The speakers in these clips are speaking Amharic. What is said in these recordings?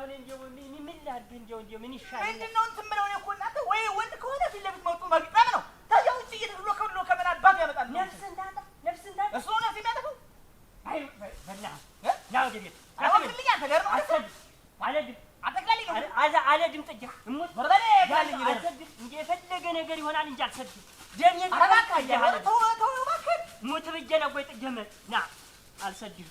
አሁን እንደው ምን ላድርግ? እንደው እንደው ምን ይሻላል? ምንድን ነው እንትን የምለው እኮ እናንተ ወይ ወንድ ከሆነ ፊት ለፊት መውጡ መግጠም ነው። ታዲያ ውጭ እየተብሎ ከብሎ ከምን አባቱ ያመጣል? ነፍስ እንዳጣ ነፍስ እንዳጣ እሱ ነፍስ የሚያጠፋው አይ በና ና ወደ ቤት አወቅልኝ። አንተ አሰብ አለድም አጠቃላይ ነው አዛ አለድም ጥጃ እሙት ወርበለ ያለኝ ነው አሰግድ እንጂ የፈለገ ነገር ይሆናል እንጂ አልሰግድ ደም ተው ተው ባከ ሙት ብጀ ነው ቆይ ጥጀመ ና አልሰግድም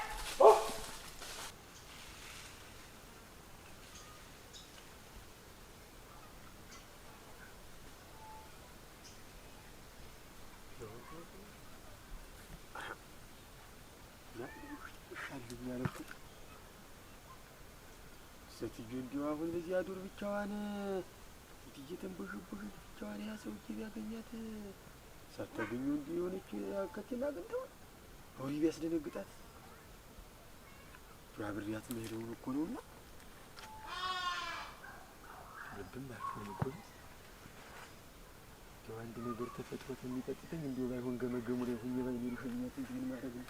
እዚያ ዱር ብቻዋን ፊት እየተንቦሸቦሸች ብቻዋን ያ ሰውዬ ቢያገኛት ሳታገኙ እንዲ የሆነች አከቴን አግኝተው አውሪ ቢያስደነግጣት ብራብሪያት መሄደውን እኮ ነውና ልብም አልፎን እኮ ነው አንድ ነገር ተፈጥሮት የሚጠጥተኝ እንዲሁ ባይሆን ገመገሙ ላይ ሁኜ ባይኔ ልሽልኛት እንትን ማድረግ ነው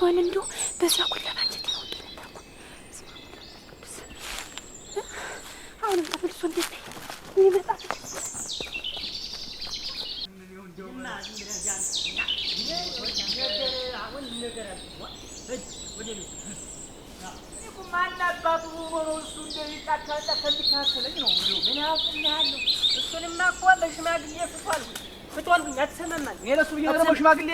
ቢሆን እንዲሁ በዛ ኩላ ባንጀት ይወጡልና አሁንም ተመልሶ እንዴት ይመጣ አባቱ ሆኖ እሱ እንደሚጣካ ከሚካከለኝ ነው። ምን ያህል እሱንማ እኮ በሽማግሌ ፍቷል። ፍጦልኝ አትሰማማል። የለሱ ብዬ ደግሞ ሽማግሌ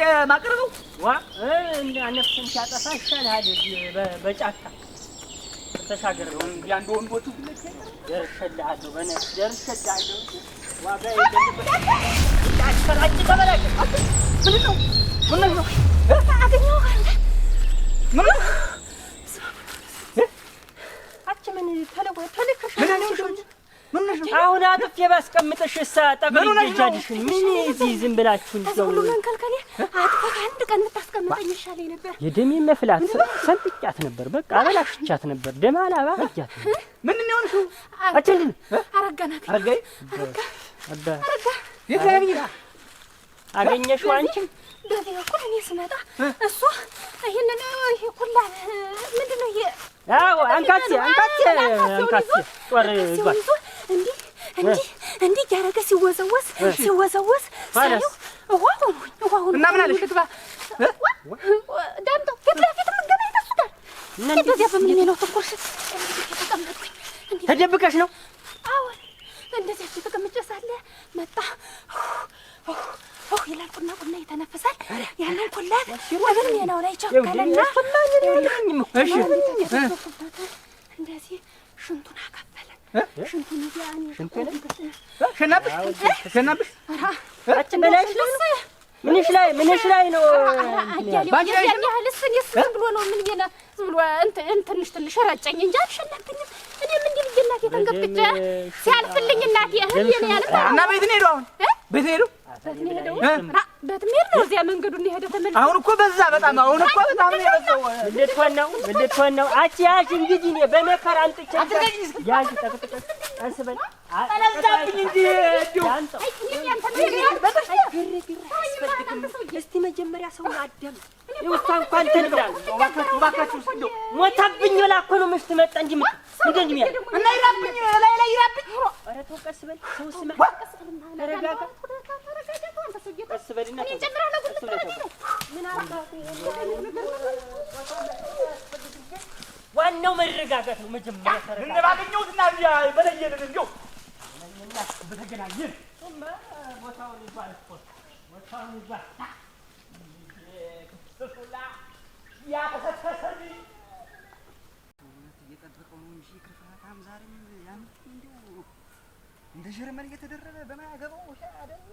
ሲያጠፋ ይሻልሃል በጫካ ተሻገር ነው እንጂ አንድ ወንዶቹ ደርሼልሃለሁ፣ በነፍስ ደርሼልሃለሁ። ምን ነው ምን ነው አገኘሁ ምን ተለወ ተለከሽ ምን ነው አሁን አጥፌ ባስቀምጥሽሳ እሳ እጃድሽን ምን እዚህ ዝም ብላችሁ እንደው ሁሉ መንከልከሌ አጥፈህ አንድ ቀን ብታስቀምጠኝ ይሻለኝ ነበር። የደሜ መፍላት ሰንጥጫት ነበር። በቃ አበላሽቻት ነበር። ደም አላባ አጃት ምን ነው ነው አጭልኝ አረጋና አረጋይ አረጋ አረጋ ይታገኝ አገኘሽው አንቺ በዚህ በኩል እኔ ስመጣ እሱ ይሄንን ይሄ ሁላ ምንድነው ይሄ አዎ አንካቴ አንካቴ አንካቴ ወሬ ይዟል እንዲህ እንዲህ እንዲህ እያደረገ ሲወዘወዝ ሲወዘወዝ ሳየው ዋው ዋው እና ምን አለሽ ትባ ዳምጠው ፊት ለፊት ምንገና ይደሱ ጋር በዚያ በምን ነው ተኮርሽ ተቀመጥኩኝ። ተደብቀሽ ነው? አዎን፣ እንደዚያ ተቀምጬ ሳለ መጣ ይላል። ቁና ቁና ይተነፍሳል። ያንን ኩላት ወብን የለው ላይ ቸከለና እንደዚህ ሽንቱን አካፈለ። ምንሽ ላይ ምንሽ ላይ ነው? ብሎ ነው ምን ብዬሽ ነው ዝም ብሎ ትንሽ ትንሽ ረጨኝ እንጂ አልሸነፍኝም። እኔም እንዲህ ብዬሽ እናቴ ተንገብግጬ ሲያልፍልኝ እናቴ እህል ያለ እና ቤት ነው የሄደው አሁን ቤት ነው የሄደው በትሜር ነው እዚያ መንገዱ እንሄደ ተመልሶ። አሁን እኮ በዛ በጣም አሁን እኮ በጣም ነው የበዛው። ልትሆን ነው ልትሆን ነው። አቺ ያዥ እንግዲህ እኔ በመከራ አንጥቼ መጀመሪያ ሰው አደም ይውታ እንኳን ሞታብኝ ብላ እኮ ነው ምሽት መጣ እንጂ ምን እና ይራብኝ ላይ ላይ ይራብኝ። ኧረ ተው ቀስ በል ሰው ስማ ተረጋጋ ዋናው መረጋጋት ነው። መጀመሪያ ተረጋጋ። ባገኘሁት እና በለየንን እንዲያው በተገናኘን እንደ ጀርመን እየተደረበ በማያገባው ደግሞ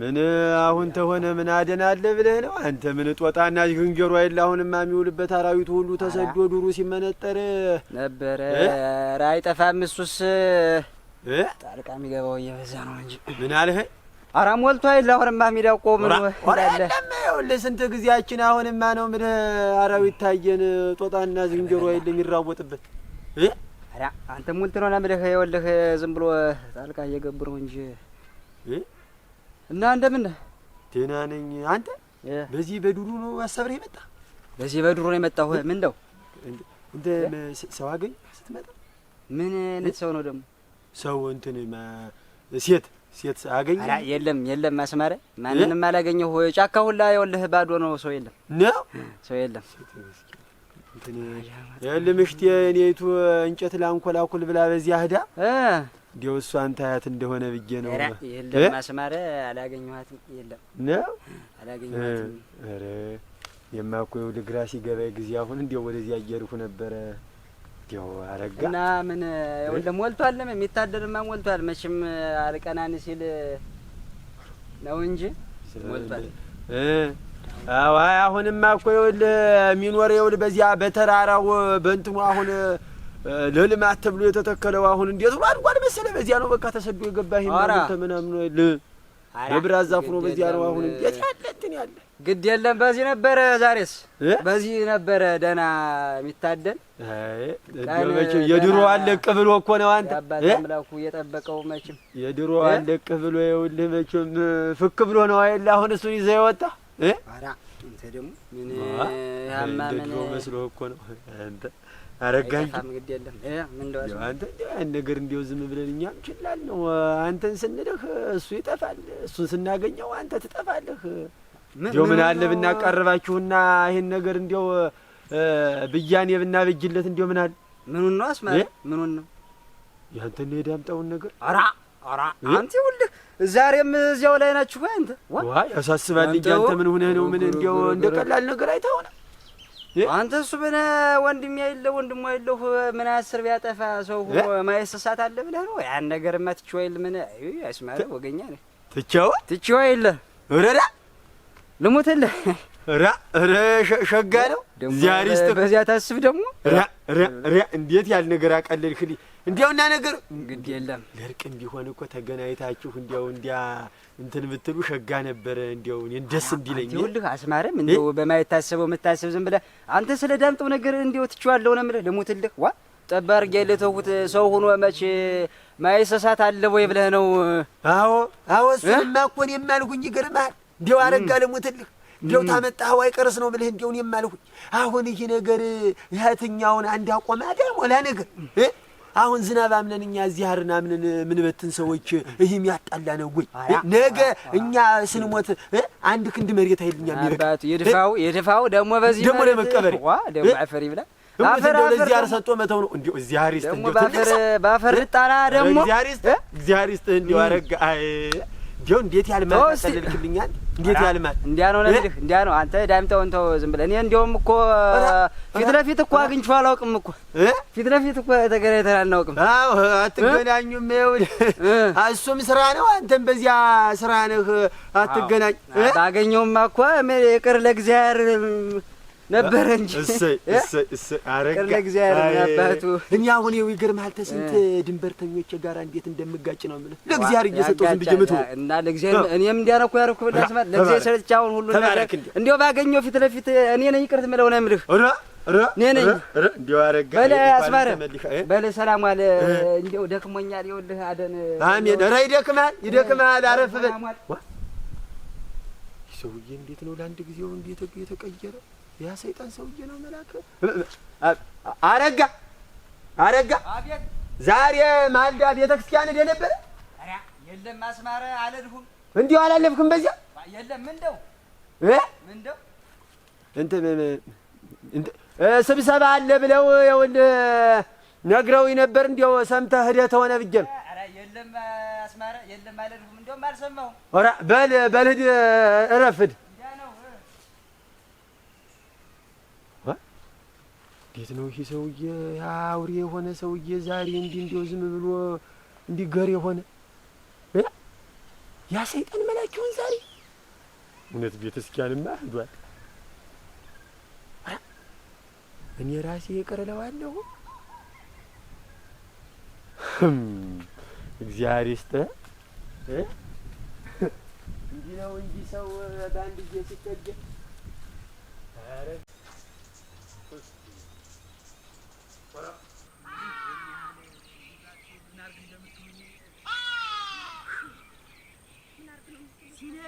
ምን አሁን ተሆነ ምን አደን አለ ብለህ ነው አንተ? ምን ጦጣና ዝንጀሮ አይደል አሁንማ የሚውልበት አራዊቱ ሁሉ ተሰዶ ዱሩ ሲመነጠር ነበረ። ኧረ አይጠፋም እሱስ ጣልቃ የሚገባው እየበዛ ነው እንጂ። ምን አልህ? ኧረ ሞልቶ አይደል አሁንማ የሚዳቆ ምን አለ? ይኸውልህ ስንት ጊዜያችን አሁንማ ነው ምን አራዊት ታየን። ጦጣና ዝንጀሮ አይደል የሚራወጥበት አንተ ሙልት ነው ምልህ ይኸውልህ ዝም ብሎ ጣልቃ እየገብረው ነው እንጂ እና እንደምን ደህና ነኝ። አንተ በዚህ በዱሩ ነው አሳብረህ የመጣ? በዚህ በዱሩ ነው የመጣሁ። ምን ነው? እንደ ሰው አገኝ ስትመጣ? ምን አይነት ሰው ነው ደግሞ? ሰው እንትን ሴት ሴት አገኘ? የለም የለም፣ ማስማረ ማንንም አላገኘሁ። ጫካ ሁላ ይኸውልህ ባዶ ነው፣ ሰው የለም ነው ሰው የለም። እንትን ምሽት የኔቱ እንጨት ላንኮላኩል ብላ በዚያ አህዳ እንዲያው እሱ አንተ አያት እንደሆነ ብዬ ነው። የለም ማስማረ አላገኘኋትም። የለም ነው አላገኘኋትም። ኧረ የማ እኮ ይኸው ልግራ ሲገባ ጊዜ አሁን እንዲያው ወደዚህ አየርኩ ነበረ እንዲያው አረጋ እና ምን ይኸውልህ ሞልቷል፣ የሚታደርማ ሞልቷል። መቼም አልቀናን ሲል ነው እንጂ ሞልቷል። አዎ አሁንማ እኮ ይኸውልህ የሚኖር ይኸውልህ በዚያ በተራራው በእንትኑ አሁን ለልማት ተብሎ የተተከለው አሁን እንዴት ነው አድጓል መሰለ። በዚያ ነው በቃ ተሰዶ የገባ ይሄ ምናምን በብራት ዛፉ ነው። በዚያ ነው አሁን እንዴት ያለ እንትን ያለ ግድ የለም። በዚህ ነበረ ዛሬስ በዚህ ነበረ ደህና የሚታደል የድሮ አለቅ ብሎ እኮ ነው አንተ አምላኩ የጠበቀው። መቼም የድሮ አለቅ ብሎ ይኸውልህ፣ መቼም ፍክ ብሎ ነው አይደል? አሁን እሱን ይዘህ የወጣ ኧረ አንተ ደግሞ ምን ያማ ያማምን መስሎ እኮ ነው አንተ አረጋኝ አንተ ያን ነገር እንዲያው ዝም ብለን እኛም ችላል ነው። አንተን ስንልህ እሱ ይጠፋል፣ እሱን ስናገኘው አንተ ትጠፋለህ። እንዲያው ምን አለ ብናቀርባችሁና ይሄን ነገር እንዲያው ብያኔ ብናበጅለት እንዲያው ምን አለ ምኑን ነው አስማ ምኑን ነው ያንተን የዳምጣውን ነገር አራ አራ አንተ ይኸውልህ ዛሬም እዚያው ላይ ናችሁ። አንተ ዋ ያሳስባል። አንተ ምን ሆነህ ነው? ምን እንዲያው እንደ ቀላል ነገር አይተኸውና አንተ እሱ ብነ ወንድም ያይለ ወንድም ያይለሁ ምን አስር ቢያጠፋ ሰው ማይሰሳት አለ ብለህ ነው ያን ነገር ማትቹ አይል ምን አይ አይስማለ ወገኛ ነህ ትቻው ትቻው አይለ ወረዳ ልሙትልህ ራ ራ ሸጋ ነው ዛሬ በዚያ ታስብ ደግሞ ራ ራ ራ እንዴት ያል ነገር አቀለልህ እንዲያውና ነገር ግድ የለም ለርቅ እንዲሆን እኮ ተገናኝታችሁ እንዲያው እንዲያ እንትን ብትሉ ሸጋ ነበረ። እንዲያው እኔን ደስ እንዲለኝ ይኸውልህ፣ አስማረም እንደው በማይታሰበው መታሰብ ዝም ብለህ አንተ ስለ ዳምጠው ነገር እንዲያው ትችዋለሁ ነው የምልህ። ልሙትልህ ዋ ጠባር ጌ ለተውት ሰው ሆኖ መቼ ማይሰሳት አለ ወይ ብለህ ነው? አዎ አዎ፣ እሱንማ እኮ እኔ የማልሁኝ ይገርምሃል። እንዲያው አረጋ ልሙትልህ እንዲያው ታመጣኸው አይቀርስ ነው ብለህ እንዲያው እኔ የማልሁኝ አሁን ይህ ነገር ያትኛውን አንድ አቆማዳ ሞላ ነገር እ አሁን ዝናብ አምነን እኛ እዚህ አርና ምንን ምንበትን ሰዎች ይህም ያጣላ ነው ወይ? ነገ እኛ ስንሞት አንድ ክንድ መሬት አይልኛ የሚበቃ የድፋው የድፋው ደግሞ በዚህ ደግሞ ለመቀበር ዋ ደግሞ አፈር ይብላ አፈር ለዚህ አር ሰጦ መተው ነው እንዴ? እዚህ አሪስት ደግሞ ባፈር ባፈር ጣራ ደግሞ እዚህ አሪስት እዚህ አሪስት እንዴ አረጋ አይ እንዲያው እንዴት ያልማል ታሰልልክልኛል? እንዴት ያልማል? እንዲያ ነው ነግሬህ፣ እንዲያ ነው አንተ ዳምጠው ተው ዝም ብለህ። እኔ እንዲያውም እኮ ፊት ለፊት እኮ አግኝቼው አላውቅም እኮ ፊት ለፊት እኮ ተገናኝተን አናውቅም። አዎ አትገናኙም። ይኸውልህ እሱም ስራ ነው፣ አንተም በዚያ ስራ ነህ። አትገናኝ። ባገኘውማ እኮ ይቅር ለእግዚአብሔር ነበረ እንጂ ቅር ለእግዚአብሔር አባቱ። እኔ አሁን ይኸው ይገርምሃል ተስንት ድንበርተኞች ጋር እንዴት እንደምጋጭ ነው የምልህ። ለእግዚአብሔር እየሰጠው ዝም ብዬ ምትሆን እና ለእግዚአብሔር እኔም እንዲያረኩ ያረኩ ብላ ስማት ለእግዚአብሔር ሰለች። አሁን ሁሉ እንዲያው ባገኘው ፊት ለፊት እኔ ነኝ ይቅርት ምለው ነው የምልህ እኔ በለ ሰላም ዋለ። እንዲያው ደክሞኛል። ይኸውልህ አደን አሜን። ኧረ ይደክማል፣ ይደክማል። አረፍ ሰውዬ። እንዴት ነው ለአንድ ጊዜው እንዴት የተቀየረ ያ ሰይጣን ሰውዬ ነው መላክ አረጋ አረጋ። አቤት። ዛሬ ማልዳ ቤተ ክርስቲያን ሄደህ ነበረ? የለም አስማረ፣ አልሄድኩም። እንዲሁ አላለፍክም? በዚያ የለም። ምንደው ምንደው እንትን ስብሰባ አለ ብለው ይኸውልህ ነግረው ነበር። እንዲያው ሰምተህ ሂደህ ተሆነ ብዬ ነው። የለም አስማረ፣ የለም አልሄድኩም። እንደውም አልሰማሁም። ኧረ በል በል ሂድ፣ እረፍድ እንዴት ነው ይሄ ሰውዬ አውሬ የሆነ ሰውዬ ዛሬ እንዲህ እንዲው ዝም ብሎ እንዲህ ገር የሆነ ያ ሰይጣን መላክ ይሆን ዛሬ? እውነት ቤተ ክርስቲያንማ ሂዷል። እኔ ራሴ ይቅር እለዋለሁ። እግዚአብሔር ይስጥህ። እንዲህ ነው እንዲህ ሰው በአንድ ጊዜ ሲጠጀ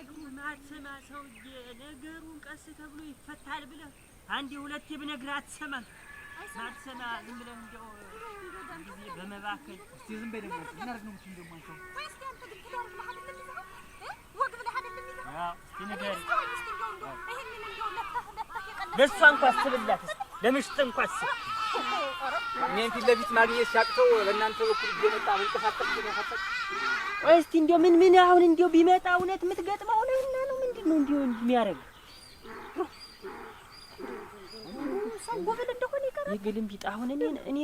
አዩም አትሰማ ሰውዬ፣ ነገሩን ቀስ ተብሎ ይፈታል ብለህ አንዴ ሁለቴ ብነግርህ አትሰማም። አትሰማ ዝም ብለህ እንደው ጊዜ በመባከል እስቲ ዝም በይ። ደግሞ እናድርግ ነው የምትይው ደግሞ አንተ ለእሷ እንኳ አስብላት፣ ለምሽጥ እንኳ አስብ እኔን ፊት ለፊት ማግኘት ሲያቅተው በእናንተ በኩል እየመጣ መንቀሳቀስ ይነፋፈቅ። እስቲ እንዲያው ምን ምን አሁን እንዲያው ቢመጣ እውነት የምትገጥመው ነው እና ነው ምንድን ነው እንዲያው የሚያደርግ ጎበል እንደሆነ ይቀራል። የግልም ቢጣ አሁን እኔ እኔ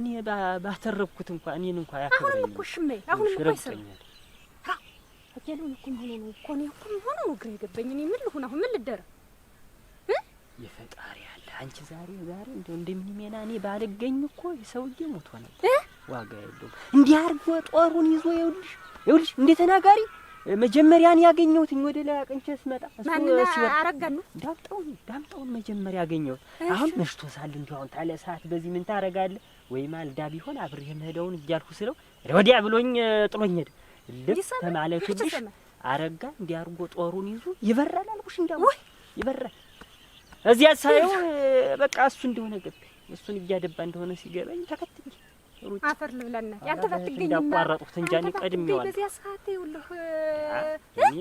እኔ ባተረብኩት እንኳን እኔን እንኳን ያከብረኝ። አሁን እኮ ሽሜ አሁን እኮ ይሰራል አያሌው እኮ ሆኖ ነው እኮ ነው እኮ ሆኖ ነው ግራ የገባኝ። እኔ ምን ልሁን አሁን ምን ልደረግ የፈጣሪ አንቺ ዛሬ ዛሬ እንደው እንደምንሜና እኔ ባልገኝ እኮ ሰውዬ ሞቶ ነበር። ዋጋ የለውም። እንዲህ አድርጎ ጦሩን ይዞ ይኸውልሽ፣ ይኸውልሽ እንደ ተናጋሪ መጀመሪያን ያገኘሁትኝ ወደ ላይ አቅንቼ ስመጣ አረጋሉ ዳምጠውን ዳምጠውን መጀመሪያ ያገኘሁት። አሁን መሽቶ ሳል እንዲሁ አሁን ታለ ሰዓት በዚህ ምን ታረጋለህ? ወይ ማልዳ ቢሆን አብሬ የምሄደውን እያልኩ ስለው ወዲያ ብሎኝ ጥሎኝ ሄደ። ልብ ተማለቱልሽ አረጋ እንዲህ አድርጎ ጦሩን ይዞ ይበራል አልኩሽ፣ እንዲያ ይበራል እዚያ ሳየው በቃ እሱ እንደሆነ ገባኝ። እሱን እያደባ እንደሆነ ሲገባኝ ተከትዬ አፈር ልብለና ያንተ ባትገኝና እንዳቋረጥኩት እንጃ እኔ ቀድሜዋለሁ። በዚያ ሰዓት ይኸውልህ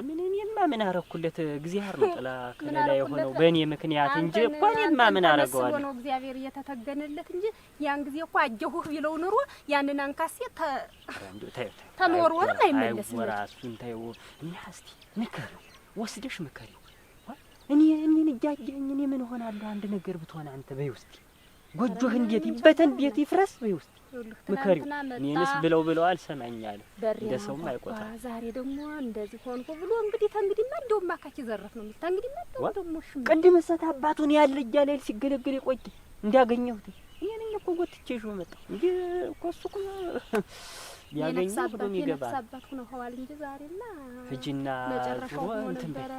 ምን እኔማ ምን አረኩለት? እግዚአብሔር ነው ጥላ ከለላ የሆነው በእኔ ምክንያት እንጂ እኮ እኔማ ምን አረገዋለሁ? ነው እግዚአብሔር እየተተገነለት እንጂ ያን ጊዜ እኮ አጀሁህ ቢለው ኑሮ ያንን አንካሴ ተመወርወርም አይመለስም። እሱን ታይው እና እስቲ ምከረው፣ ወስደሽ ምከሪው እኔ እኔን እያየኸኝ እኔ ምን እሆናለሁ? አንድ ነገር ብትሆን አንተ በይ ውስጥ ጎጆህ እንዴት ይበተን ቤት ይፍረስ በይ ውስጥ ምከሪው። እኔንስ ብለው ብለው አልሰማኛለሁ እንደ ሰውም አይቆጣም። ዛሬ ደግሞ እንደዚህ ሆንኩ ብሎ እንግዲህ ተንግዲህ ማ እንደውም ማካኪ ዘረፍ ነው የሚታ እንግዲህ ማ እንደውም ደግሞ እሺ፣ ቅድም እሰት አባቱን ያለ እያለ ሲገለገል የቆየ እንዲያገኘሁት እኔን እኮ ጎትቼ ይዤው መጣሁ እንጂ እኮ እሱ እኮ ሊያገኘሽ በሚገባ ሂጂና ዙሮ እንትን በይ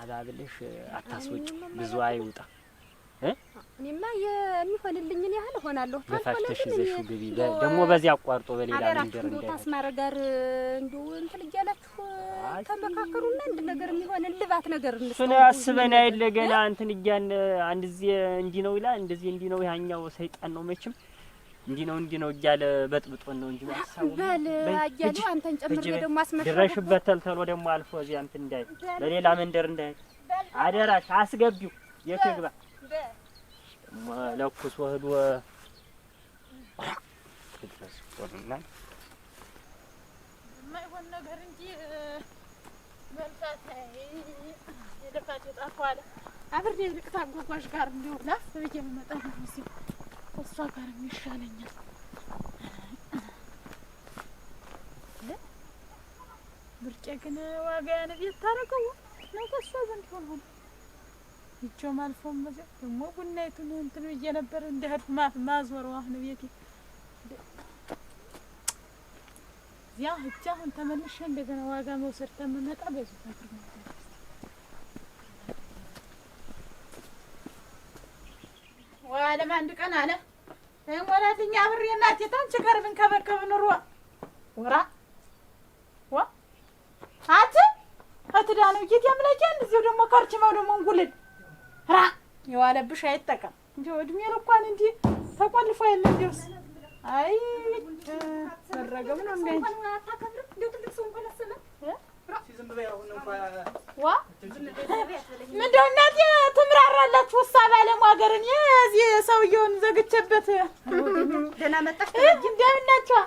አባብለሽ አታስወጪው። ብዙ አይውጣ። እኔማ የሚሆንልኝን ያህል እሆናለሁ። ገፋፍተሽ ይዘሽው ግቢ። ደግሞ በዚህ አቋርጦ በሌላ መንገድ እንዳይ ታስማር ጋር እንዲሁ እንትን እያላችሁ ተመካከሩና አንድ ነገር የሚሆን ልባት ነገር እንስ አስበን አይደለ ገና እንትን እያን አንድ ጊዜ እንዲህ ነው ይላል እንደዚህ እንዲህ ነው ያኛው ሰይጣን ነው መቼም እንዲህ ነው እንዲህ ነው እያለ በጥብጦን ነው እንጂ በል አንተን ጨምሬ ደግሞ አስመጣሁ። ድረሽበት ተልተሎ ደግሞ አልፎ እዚያ እንትን እንዳይ በሌላ መንደር እንዳይ አደራሽ አስገቢው የት ይግባ ለኩስ ወህዶ የማይሆን ነገር እንጂ ጋር እንዲሁ ላፍ ብዬ ነው ሲ እሷ ጋርም ይሻለኛል። ምርጫ ግን ዋጋ ያነብ የታረገው ነው። ከሷ ዘንድ ሆን ሆነ ይቸውም አልፎም በዚያ ደግሞ ቡናይቱን እንትን ብዬ ነበር እንደህድ ማዞረው አሁን ቤቴ ያ እጅ አሁን ተመልሼ እንደገና ዋጋ መውሰድ ከምመጣ በዙ ነበር ነበር ወይ አንድ ቀን አለ ወላድኛ ብሬ እናቴ ታንቺ ጋር ብንከበከብ ኑሮ ወራ ወ አት አትዳ ነው ጌት ያምላኪ እንደዚህ ደግሞ ካርችማው ደግሞ እንጉልል ራ የዋለብሽ አይጠቀም እንጂ እድሜ ልኳን እንጂ ተቆልፎ የለ እንዲውስ አይ ተረገም ነው እንዴ ምንድነው እናቴ ትምራራላችሁ? ውሳ ባለሙያ ሀገር እኔ እዚህ ሰውዬውን ዘግቼበት ደህና መጣሽ። እንደምን ናችሁ?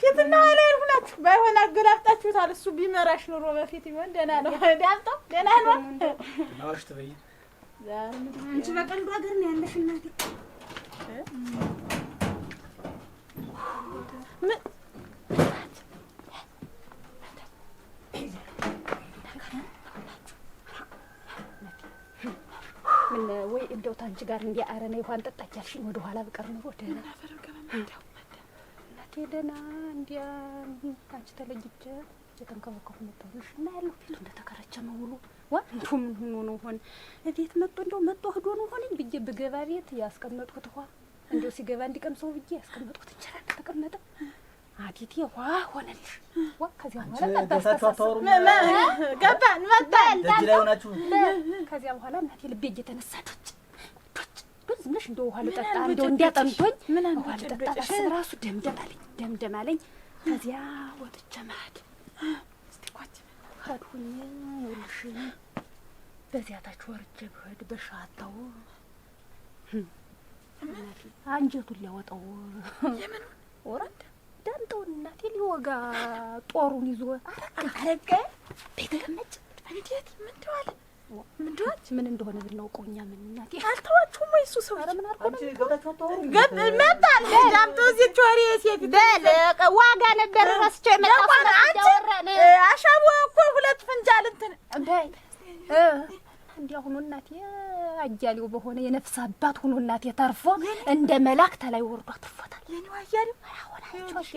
ፊትና ኋላ ይሁናችሁ። ባይሆን አገላብጣችሁታል። እሱ ቢመራሽ ኑሮ በፊት ቢሆን ደህና ነው። ዳምጠው ደህና ነው። አንቺ በቀልዱ ሀገር ነው ያለሽ እናቴ ምን ወይ እንደው ታንቺ ጋር እንዲያ አረና ይኋን ጠጣች ያልሽኝ ወደ ኋላ ብቀር ኑሮ ደህና እናቴ ደህና እንዲያ አንቺ ተለይቼ የተንከባከቡ ነበሩሽ እና ያለው ፊት እንደተከረቸ ነው ውሎ ዋ እንደው ምን ሆኖ ነው ሆን እቤት መጥቶ እንደው መጥቶ ህዶ ነው ሆነኝ ብዬ ብገባ ቤት ያስቀመጥኩት ውሃ እንደው ሲገባ እንዲቀምሰው ብዬ ያስቀመጥኩት እንጀራ እንደተቀመጠ አዲቴ ዋ ሆነልሽ። ዋ ከዚያ በኋላ ገባን መጣን ደጅ ላይ ሆናችሁ። ከዚያ በኋላ እናቴ ልቤ እየተነሳ ዶጭ ዶጭ ዝም ብለሽ ውሃ ልጠጣ እንደው እንዲያጠምቶኝ ውሃ ልጠጣ ደምደም አለኝ ደምደም አለኝ። ከዚያ ወጥቼ ስቲኳች ይኸውልሽ፣ በዚያ ታች ወርጄ ብሄድ በሻታው አንጀቱን ሊያወጣው ወረድ ዳምጠውን እናቴ ሊወጋ ጦሩን ይዞ አረጋ ቤተቀመጭ እንዴት ምን ትዋል ምንድች ምን እንደሆነ ብናውቀው እኛ ምን እናቴ አልተዋችሁም ወይ? እሱ ሰው ምን ዋጋ ነበር ረስቼ አሻቦ እኮ ሁለት ፍንጃል እንትን እንዲያሁኑ እናቴ አያሌው በሆነ የነፍስ አባት ሆኖ እናቴ ተርፎ እንደ መላክ ተላይ ወርዶ አትርፎታል። የኔው አያሌው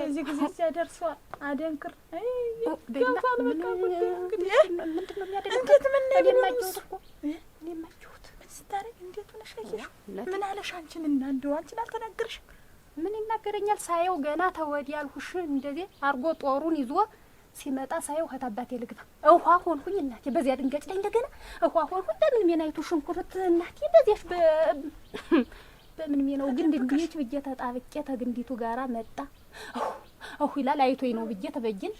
እዚህ ጊዜ ምን አለሽ? አንቺን እና እንደው አንቺን አልተናገርሽም? ምን ይናገረኛል? ሳየው ገና ተወዲያ አልሁሽ እንደዚህ አርጎ ጦሩን ይዞ ሲመጣ ሳየው እህት አባቴ ልግባ እውሃ ሆንኩኝ እናቴ። በዚያ ድንጋጭ ላይ እንደገና እውሃ ሆንኩኝ። በምን ሜናይቱ ሽንኩርት እናቴ በዚያሽ በምን ሜናው ግንድ እንዲች ብዬ ተጣብቄ ተግንዲቱ ጋራ መጣ እሁ ይላል አይቶኝ ነው ብዬ ተበጅን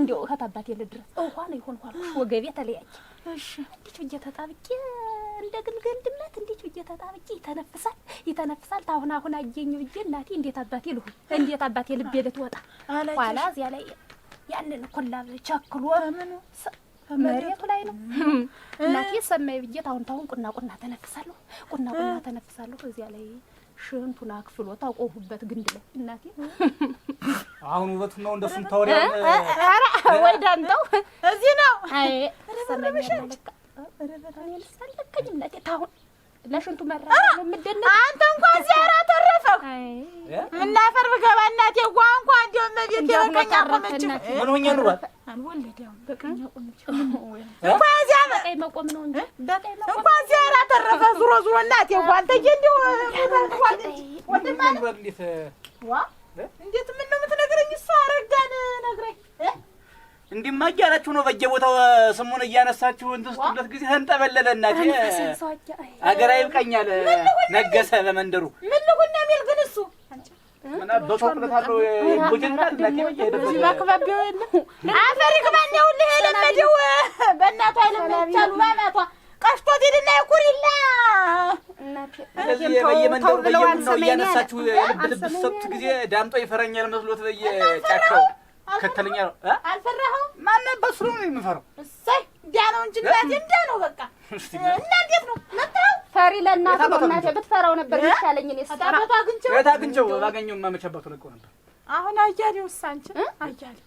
እንዲው እህት አባቴ ልድረስ እውሃ ነው ይሆንኩ አልኩሽ። ወገቤ ተለያየ። እሺ እንዲች ብዬ ተጣብቄ እንደ ድመት እንዴት ብዬ ተጣብቄ ይተነፍሳል ይተነፍሳል። ታሁን አሁን አየኝ ብዬ እናቴ እንዴት አባቴ ልሁን እንዴት አባቴ ልቤ ልትወጣ ኋላ እዚያ ላይ ያንን ኮላብ ቸክሎ ምኑ መሬቱ ላይ ነው እናቴ ሰማይ ብዬት አሁን ታሁን ቁና ቁና ተነፍሳለሁ፣ ቁና ቁና ተነፍሳለሁ። እዚያ ላይ ሽንቱን አክፍሎ ታቆሁበት ግንድ ላይ እናቴ አሁን ውበቱ ነው እንደሱ ታወሪ ወይ ዳንተው እዚህ ነው። አይ ሰማይ ረበታ ነው እናቴ ታሁን ለሽንቱ መራ ነው አንተ እንኳን አለሁ እናፈር ብገባ እናቴ ዋ እንኳ እንዲሁ እመቤቴ አቆመችው። ምን ሆኜ ኑሯል እንኳን ዚያር አተረፈ። ዙሮ ዙሮ እናቴ ዋ አንተዬ እንዲሁ ወንድማ እንዴት ምን ነው የምትነግረኝ? እሷ አረጋን ነግረኝ እንዲማ እያላችሁ ነው በየቦታው ስሙን እያነሳችሁ እንትን ስትሉለት ጊዜ ተንጠበለለ። እናቴ አገራ ይብቃኛል። ነገሰ በመንደሩ ምን ልሁን የሚል ግን እሱ በየመንደሩ በየቡናው እያነሳችሁ ልብ ልብ ሰጡት ጊዜ ዳምጦ ይፈረኛል መስሎት በየጫካው ከተለኛ ነው። አልፈራኸውም? ማነው በስሩ ነው የምፈራው። እሰይ እንዲያ ነው እንጂ እናቴ፣ እንዲያ ነው በቃ። እና እንዴት ነው መጣው? ፈሪ ለእናቱ እናቴ ብትፈራው ነበር ይሻለኝ። እኔ ስራ አግኝቼው አግኝቼው ባገኘው መቼ አባቱ ለቀው ነበር። አሁን አያሌው እሳንችን አያሌው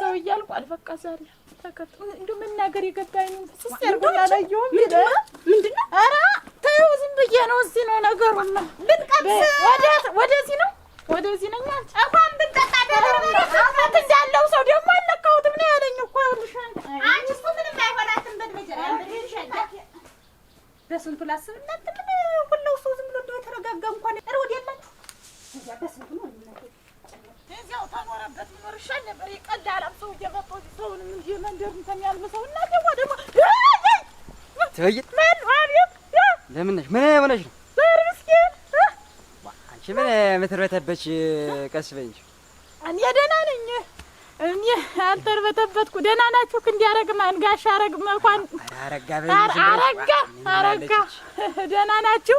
ሰው እያልቋል። በቃ ዛሬ እንደው መናገር የገባኝ ስስ ያርጎና ላየሁም ምንድን ነው? ኧረ ተይው፣ ዝም ብዬ ነው። እዚህ ነው ነገሩና ወደዚህ ነው ወደዚህ ነኝ። እንኳን ብንጠጣ እንዳለው ሰው ደግሞ አለካሁትም ነው ያለኝ እኮ በስንቱ ላስብ እናንተ ግን ሁላው ሰው ዝም ብሎ እንደው የተረጋጋ እንኳን ወዲያ ያላችሁ በስንቱ ነው እዚያው ተኖረበት መኖር ይሻል ነበር። ይቀላላም ሰው እየመጣሁ ሰውንም እንደ መንደሩን ተሚያልም ሰው እና ደግሞ ደግሞ ትበይጥ ለምን ነሽ? ምን ሆነሽ ነው? ዛሬ ምስኪን አንቺ ምን የምትርበተበች? ቀስ በይ እንጂ እኔ ደህና ነኝ። እኔ አልተርበተበትኩ። ደህና ናችሁ? እንዲያረግ ማን ጋሻ አረግ መልኳን አረጋ አረጋ አረጋ ደህና ናችሁ?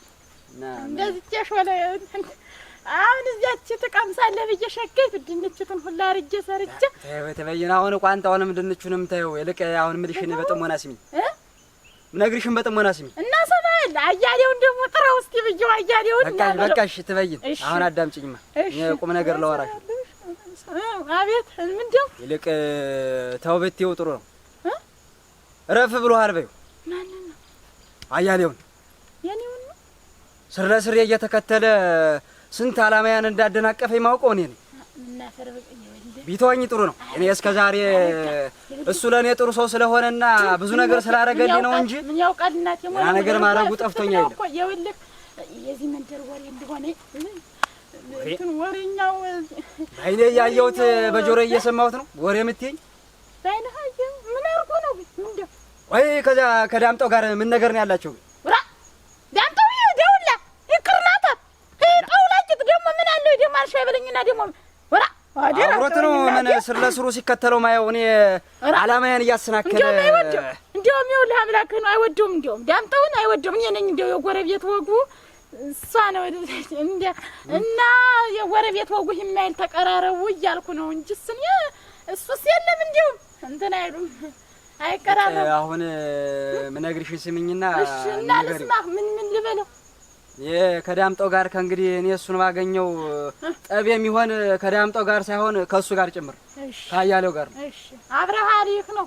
እንደዚህ ጨሾለ አሁን እዚያች ትቀምሳለህ ሁላ አርጄ ሰርቼ ተበይን። አሁን ቋንጣውንም ድንቹንም ተይው። ይልቅ አሁን በጥሞና ስሚ፣ ምነግርሽን በጥሞና ስሚ እና ሰማል አያሌውን ደግሞ ብዬው አያሌውን በቃሽ፣ በቃሽ ትበይን። አሁን ቁም ነገር ለወራሽ አቤት ምንድው? ይልቅ ተው ብትይው ጥሩ ነው። ረፍ ብሎሃል በይው። ማንን ነው? አያሌውን ስር ለስሬ እየተከተለ ስንት አላማያን እንዳደናቀፈኝ ማውቀው እኔ ነኝ። ቢተወኝ ጥሩ ነው። እኔ እስከ ዛሬ እሱ ለእኔ ጥሩ ሰው ስለሆነና ብዙ ነገር ስላረገልኝ ነው እንጂ ያ ነገር ማድረጉ ጠፍቶኝ አይደለም። የዚህ መንደር ወሬ እንደሆነ እንትን ወሬኛው አይኔ እያየሁት በጆሮ እየሰማሁት ነው። ወሬ የምትይኝ በዓይንህ አየኸው? ምን አድርጎ ነው? ወይ ከዚያ ከዳምጠው ጋር ምን ነገር ነው ያላቸው? ዳምጠው ማርሻ ይበለኝና ደግሞ ወራ አብሮት ነው ምን ስር ለስሩ ሲከተለው ማየው እኔ አላማያን እያሰናከለ እንዲያውም ይኸውልህ አምላክህ ነው አይወደውም። እንዲያውም ዳምጠውን አይወደውም። እኔ ነኝ እንዲያው የጎረቤት ወጉ እሷ ነው እና የጎረቤት ወጉ የማይል ተቀራረቡ እያልኩ ነው እንጂ ስን እሱስ የለም እንዲያውም እንትን አይሉም አይቀራረቡ። አሁን ምነግርሽን ስሚኝና እና ልስማህ ምን ምን ልበለው ከዳምጠው ጋር ከእንግዲህ እኔ እሱን ባገኘው ጠብ የሚሆን ከዳምጠው ጋር ሳይሆን ከእሱ ጋር ጭምር ካያሌው ጋር አብረሃሪክ ነው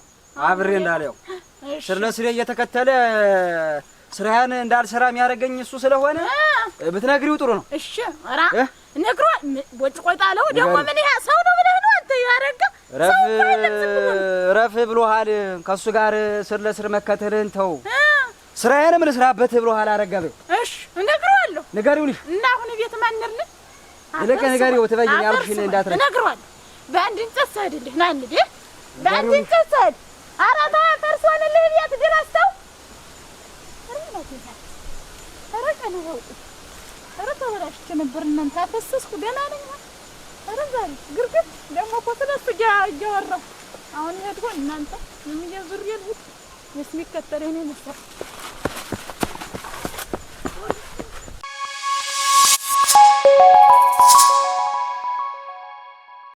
አብሬ እንዳለው ስር ለስሬ እየተከተለ ስራህን እንዳልሰራ የሚያደርገኝ እሱ ስለሆነ ብትነግሪው ጥሩ ነው። እሺ ራ ነግሮ ወጭ ቆይጣለው ደግሞ ምን ያ ሰው ነው ብለህ ነው አንተ ያረጋ ረፍ ረፍ ብሎሃል። ከእሱ ጋር ስር ለስር መከተልህን ተው። ስራዬንም ልስራበት ብሎሃል አረጋ በይው። እሺ ነጋሪው ልጅ እና አሁን ቤት ማንርልህ ነው ለቀ ነጋሪው ተባየኝ ያልሽኝ እንዳትረክ ነግሯል። በአንድ እንጨት ሳይድልህ ናን ዲ በአንድ እንጨት አራታ ፈርሶን ልህ ቤት ድረስተው ረቀ አሁን ሄድኩ እናንተ የሉት Thank you.